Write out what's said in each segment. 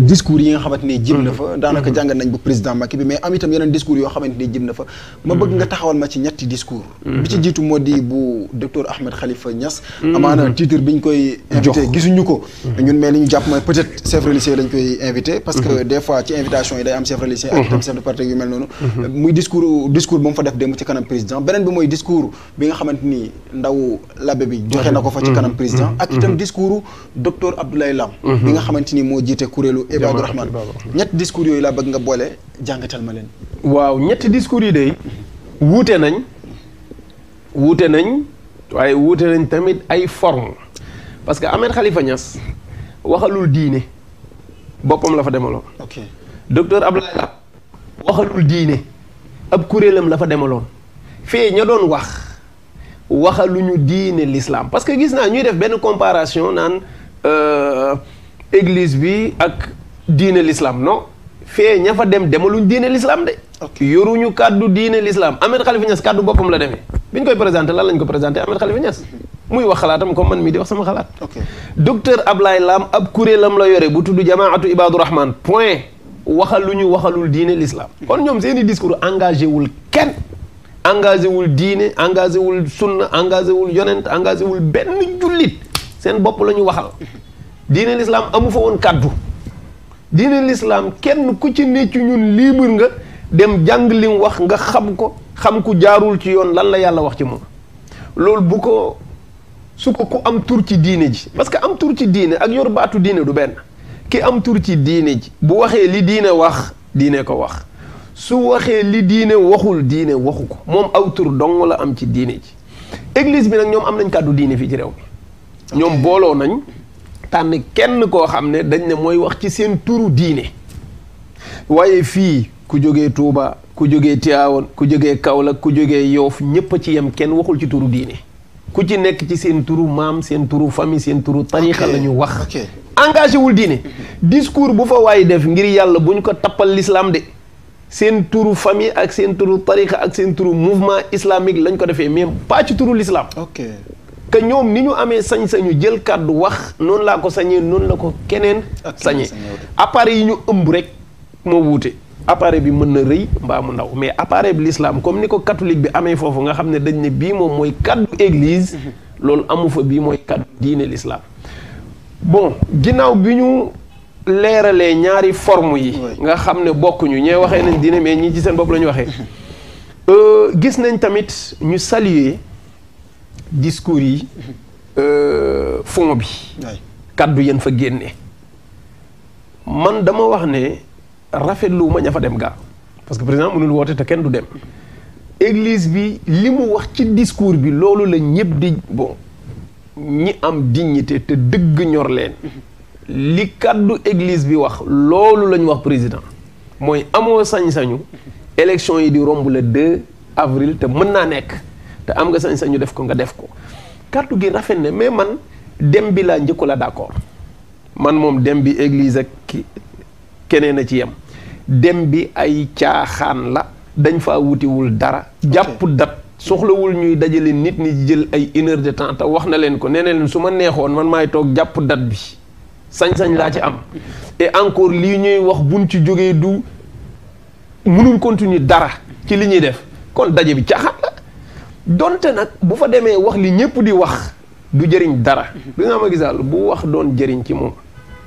discours yi nga xamante ni jib na fa mm-hmm. daanaka mm-hmm. jàngat nañ bu président Macky bi mais am itam discours yoo xamante jib na fa ma bëgg nga mm-hmm. taxawal ma ci ñetti discours bi ci jiitu moo di bu docteur Ahmed Khalifa Niass amaana titre biñ koy invité gisuñu ko ñun mais li ñu jàpp mooy peut-être chef religieux lañ koy invité parce que des ci invitation yi day am chef religieux ak itam chef de parti yu mel noonu na ko fa ci kanam président ak itam discours docteur Abdoulaye Lam bi nga kuréelu Ibaadu Rahman ñetti discours yooyu laa bëgg nga boole jàngatal ma leen. waaw ñetti discours yi de wuute nañ wuute nañ waaye wuute nañ tamit ay forme parce que Ahmed Khalifa Niass waxalul diine boppam la fa demaloon. ok docteur Abdoulaye Wade waxalul diine ab kuréelam la fa demaloon fee ña doon wax waxaluñu diine l'islam parce que gis naa ñuy def benn comparation naan. Euh, église bi ak diine l'islam non fee ña fa dem demaluñ diine l'islam de. yoruñu kàddu diine l'islam Ahmed Khalifa Niass kàddu boppam la demee bi ñu koy présenté lan lañ ko présenté Ahmed Khalifa Niass. muy wax xalaatam comme man mii di wax sama xalaat. docteur Ablaye Lam ab lam la yore bu tudd jamaatu Ibadu Rahman point waxaluñu waxalul diine lislaam kon ñoom seen i discours engagé wul kenn. engagé wul diine engagé wul sunna engagé wul yonent engagé wul benn jullit seen bopp la ñu waxal. diine lislaam amu fa woon kàddu diine lislaam kenn ku ci ne ñun libre nga dem jàng lim wax nga xam ko xam ku jaarul ci yoon lan la yàlla wax ci moom loolu bu ko su ko ku am tur ci diine ji parce que am tur ci diine ak yor baatu diine du benn ki am tur ci diine ji bu waxee li diine wax diine ko wax su waxee li diine waxul diine waxu ko moom aw tur dong la am ci diine ji église bi nag ñoom am nañ kàddu diine fii ci réew mi ñoom booloo nañ tànn kenn koo xam ne dañ ne mooy wax ci seen turu diine waaye fii ku jógee Touba ku jógee Tivaouane ku jógee Kaolack ku jógee Yoff ñépp a ci yem kenn waxul ci turu diine ku ci nekk ci seen turu maam seen turu famille seen turu tarixa la ñu wax engagé wul diine mhm. discours bu fa waay def ngir yàlla bu ñu ko tappal l'islam de seen turu famille ak seen turu tarixa ak seen turu mouvement islamique lañ ko defee mais pas ci turu l'islam que ñoom ni ñu amee sañ-sañu jël kàddu wax noonu laa ko sañee noonu la ko keneen sañee appareil yi ñu ëmb rek moo wuute appareil bi mën na rëy mbaamu ndaw mais appareil bi lislaam comme ni ko catholique bi amee foofu nga xam ne dañ ne bii moom mooy kàddu église mhm. loolu amu fa bii mooy kàddu diine l'islam bon ginnaaw bi ñu leeralee ñaari forme yi nga xam ne bokkuñu ñee waxee nañ dina mais ñii ci seen bopp la ñu waxee euh, gis nañ tamit ñu saluer discours yi euh, fond bi kàddu yéen fa génne man dama wax ne rafetlu ma ña fa dem gaa parce que président mënul woote te kenn du dem église bi li mu wax ci discours bi loolu la ñëpp di bon ñi am dignité te dëgg ñor leen li kàddu église bi wax loolu la ñu wax président mooy amoo sañ-sañu élection yi di romb le 2 avril te mën naa nekk am nga sañ-sañu def ko nga def ko kàddu gi rafet ne mais man dem bi laa njëkku la d'accord man moom dem bi église ak keneen a ci yem dem bi ay caaxaan la dañ faa wutiwul dara jàpp dat soxlawul ñuy dajale nit ñi jël ay une heure de temps te wax na leen ko nee leen su ma neexoon man maay toog jàpp dat bi sañ-sañ laa ci am et encore lii ñuy wax buñ ci jógee du mënul continuer dara ci li ñuy def kon daje bi caaxaan donte nag bu fa demee wax li ñëpp di wax du jëriñ dara. bi nga ma gisaal bu wax doon jëriñ ci moom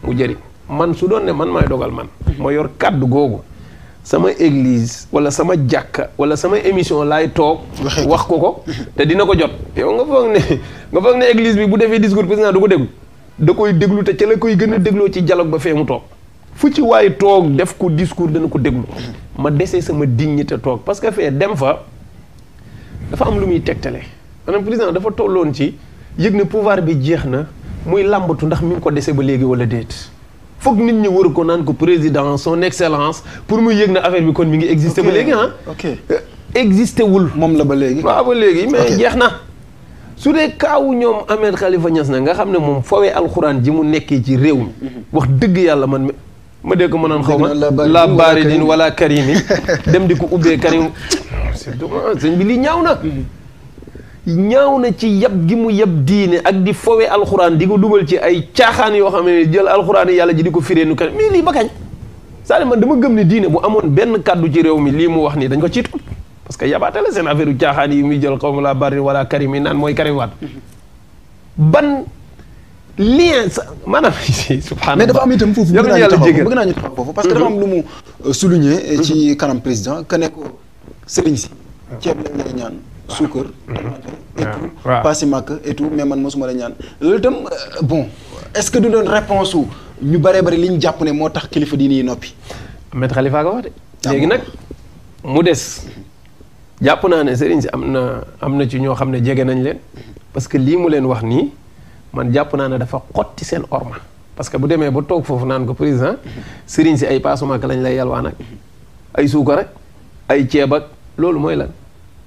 mu jëriñ man su doon ne man may dogal man. ma yor kàddu googu. sama église wala sama jàkka wala sama émission laay toog. wax ko ko te dina ko jot. yow nga foog ne nga foog ne église bi bu defee discours président du ko déglu. da koy te ca la koy gën a dégloo ci dialogue ba fee mu toog. fu ci waay toog def ko discours dana ko déglu. ma dese sama dignité toog parce que fee dem fa. dafa am lu muy tegtale maanaam président dafa tolloon ci yëg ne pouvoir bi jeex na muy làmbatu ndax mi ngi ko dese ba léegi wala déet foog nit ñi wër ko naan ko président son excellence pour mu yëg na affaire bi kon mi ngi existé ba léegi ah ok euh, existé wul moom la ba léegi waaw ba léegi mais jeex na su dee kaawu ñoom Ahmed Khalifa Niass na nga xam ne moom fawee alxuraan ji mu nekkee ci réew mi mhm. wax dëgg yàlla man ma dégg ko ma naan xaw ma la baari din wala dem di ko ubbee karim Ah, sëñ bi lii ñaaw na ñaaw na ci yab gi mu yab diine ak di fowe alxuraan di ko dugal ci ay caaxaan yoo xam ne jël alxuraan yi yàlla ji di ko firee nu kan mais lii ba kañ saa dama gëm ne diine amoon benn kàddu ci réew mi lii mu wax nii dañ ko ciy topp parce que yabaate la seen affaire yi muy jël xaw ma laa bari wala karim mooy karim waat ban lien maanaam subhanallah mais dafa am itam foofu bëgg naa ñu taxaw parce que am lu mu souligner ci kanam président que ne ko sëriñ si. Ah. ceeb lañ lay ñaan. suukar. Ah. Ah. et tout paasi mac et tout man mosuma la ñaan loolu itam euh, bon est-ce que du doon réponse su ñu baree bari li ñu jàpp ne moo tax kilifa diine nii noppi. maître Khalifa ko wax de. léegi nag mu des. jàpp naa ne sëriñ si am na am na ci ñoo xam ne jege nañ leen parce que lii mu leen wax nii man jàpp naa ne dafa xotti seen orma parce que bu demee ba toog foofu naan ko président mm-hmm. sëriñ si ay paasumaak lañ lay yalwaan ak ay suukar rek ay ceeb loolu mooy la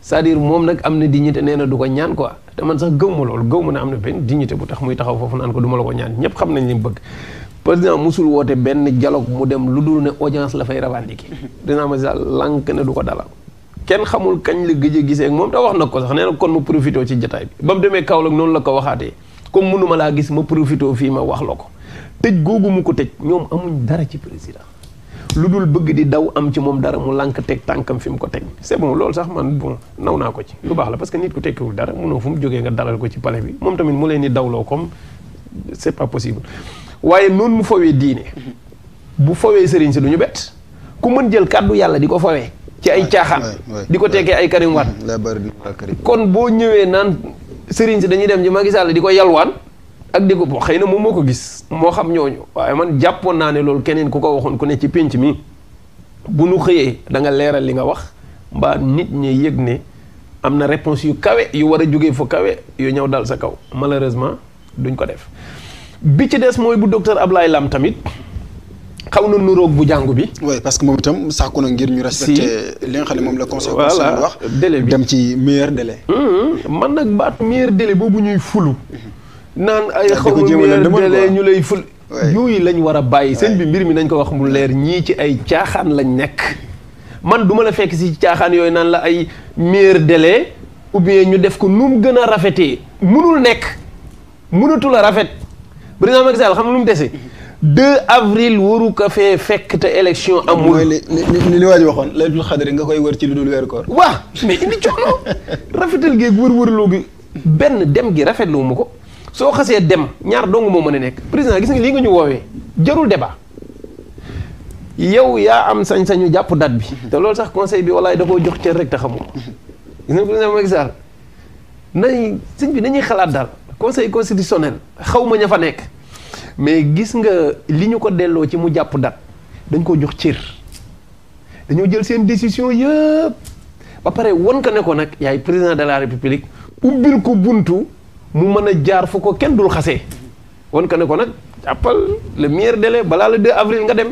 cest à moom nag am na dignité nee na du ko ñaan quoi te man sax gëw ma loolu gëw ma ne am na benn dignité bu tax muy taxaw foofu naan ko duma la ko ñaan ñëpp xam nañ li mu bëgg président musul woote benn dialogue mu dem lu dul ne audience la fay revendiquer président Macky Sall lànk ne du ko dalal kenn xamul kañ la gëj a gisee ak moom te wax na ko sax nee kon ma profité ci jataay bi ba mu demee Kaolack noonu la ko waxaatee comme mënuma laa gis ma profité fii ma wax la ko tëj googu ko tëj ñoom amuñ dara ci président lu dul bëgg di daw am ci moom dara mu lànk teg tànkam fi mu ko teg c'est bon loolu sax man bon naw naa ko ci lu baax la parce que nit ku tekkiwul dara mënoo fu mu jógee nga dalal ko ci palais bi moom tamit mu leen di dawloo comme c'est pas possible waaye noonu mu fowee diine bu fowee sëriñ si du ñu bett ku mën jël kàddu yàlla di ko fowee ci ay caaxaan di ko tekkee ay Karim Wade mm, kon boo ñëwee naan sëriñ si dañuy dem ci Macky Sall di ko yalwaan ak dégg boo xëy na moom moo ko gis moo xam ñooñu waaye man jàppoon naa ne loolu keneen ku ko waxoon ku ne ci pinc mi bu nu xëyee da nga leeral li nga wax mbaa nit ñi yëg ne am na réponse yu kawe yu war a jógee fu kawe yu ñëw dal sa kaw malheureusement duñ ko def bi ci des mooy bu docteur ablaay Lam tamit xaw na nuroog bu jàngu bi. waaye parce que moom itam sàkku na ngir ñu respecté li nga xam ne moom la conseil constitutionnel wax délai bi dem ci meilleur délai. man nag baat meilleur délai boobu ñuy fulu. Mhm. naan ay xaw ma ñu lay ful. yooyu lañ war bàyyi sëñ bi mbir mi nañ ko wax mu leer ñii ci ay caaxaan lañ nekk. man du ma la fekk si caaxaan yooyu naan la ay meilleur délai ou bien ñu def ko nu mu gën a rafetee munul nekk munatul a rafet président Macky xam nga lu mu dese. 2 avril waru ko fee fekk te élection amul. mooy li li li waa ji waxoon laylatul xadri nga koy wër ci lu dul weer koor. waaw mais indi coono rafetal geeg wër-wërloo gi benn dem gi rafetlu ma ko. soo xasee dem ñaar dong moo mën a nekk président gis nga lii nga ñu woowee jarul débat yow yaa am sañ-sañu jàpp date bi te loolu sax conseil bi walaay da koo jox cër rek te xamu ko gis sëñ bi nañuy xalaat daal conseil constitutionnel xaw ma ña fa nekk mais gis nga li ñu ko delloo ci mu jàpp date dañ koo jox cër dañoo jël seen décision yëpp ba pare won ko ne ko nag yaay président de la république ubbil ko buntu mu mën a jaar fu ko kenn dul xasee wan ko ne ko nag jàppal le meilleur délai balaa le 2 avril nga dem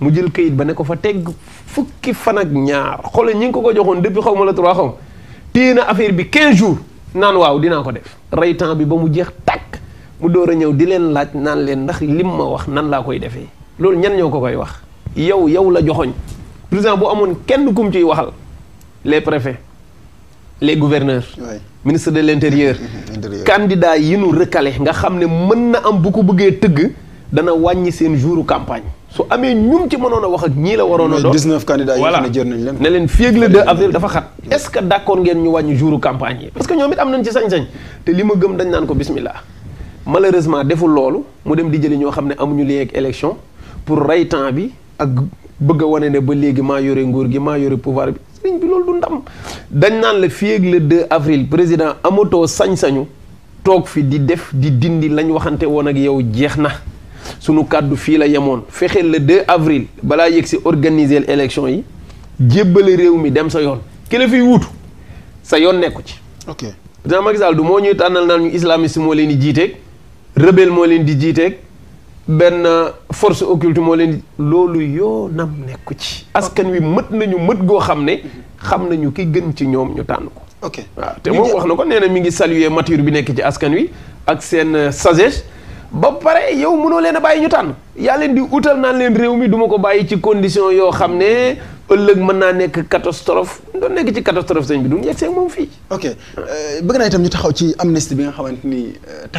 mu jël kayit ba ne ko fa teg fukki fan ak ñaar xoole ñi ko ko joxoon depuis xaw ma la trois xaw téye na affaire bi 15 jours naan waaw dinaa ko def rey bi ba mu jeex tàkk mu door a ñëw di leen laaj naan leen ndax lim ma wax nan laa koy defee loolu ñan ñoo ko koy wax yow yow la joxoñ président bu amoon kenn kum ciy waxal les préfets les gouverneurs. ministre de l' intérieur. candidat yi nu recalé nga xam ne mën na am bu ko bëggee tëgg dana wàññi seen jouru campagne su amee ñum ci mënoon a wax ak ñii la waroon a doon. 19 candidats yi nga xam ne jër nañ leen. ne leen fii ak le 2 avril dafa xat est ce ngeen ñu wàññi jouru campagne yi. parce que ñoom it am nañ ci sañ-sañ te li ma gëm dañ naan ko bismillah malheureusement deful loolu mu dem di jëli ñoo xam ne amuñu lien ak élection pour rey temps bi ak bëgg a ne ba léegi maa yore nguur gi maa yore pouvoir bi bi dañ naan la fii ak le 2 avril président amatoo sañ-sañu toog fi di def di dindi lañ waxante woon ak yow jeex na sunu kàddu fii la yemoon fexeel la 2 avril balaa yegg si organiser élection yi jébbale réew mi dem sa yoon ki la fiy wuutu sa yoon nekku ci. ok président Macky Sall du moo ñuy tànnal naan ñu islamiste moo leen di jiiteeg rebelle moo leen di jiiteeg. benn force occulte moo leen loolu yoonam nekku ci askan wi mët nañu mët goo xam ne xam nañu ki gën ci ñoom ñu tànn ko ok waaw te moom wax na ko nee na mi ngi saluer mature bi nekk ci askan wi ak seen euh, sagesse ba pare yow mënoo leen a bàyyi ñu tànn yàlla leen di utal naan leen réew mi duma ko bàyyi ci condition yoo xam ne ëllëg mën naa nekk catastrophe doon nekk ci catastrophe sëñ bi du ñu yegg moom fii ok euh, bëgg naa itam ñu taxaw ci amnistie bi nga xamante ni euh,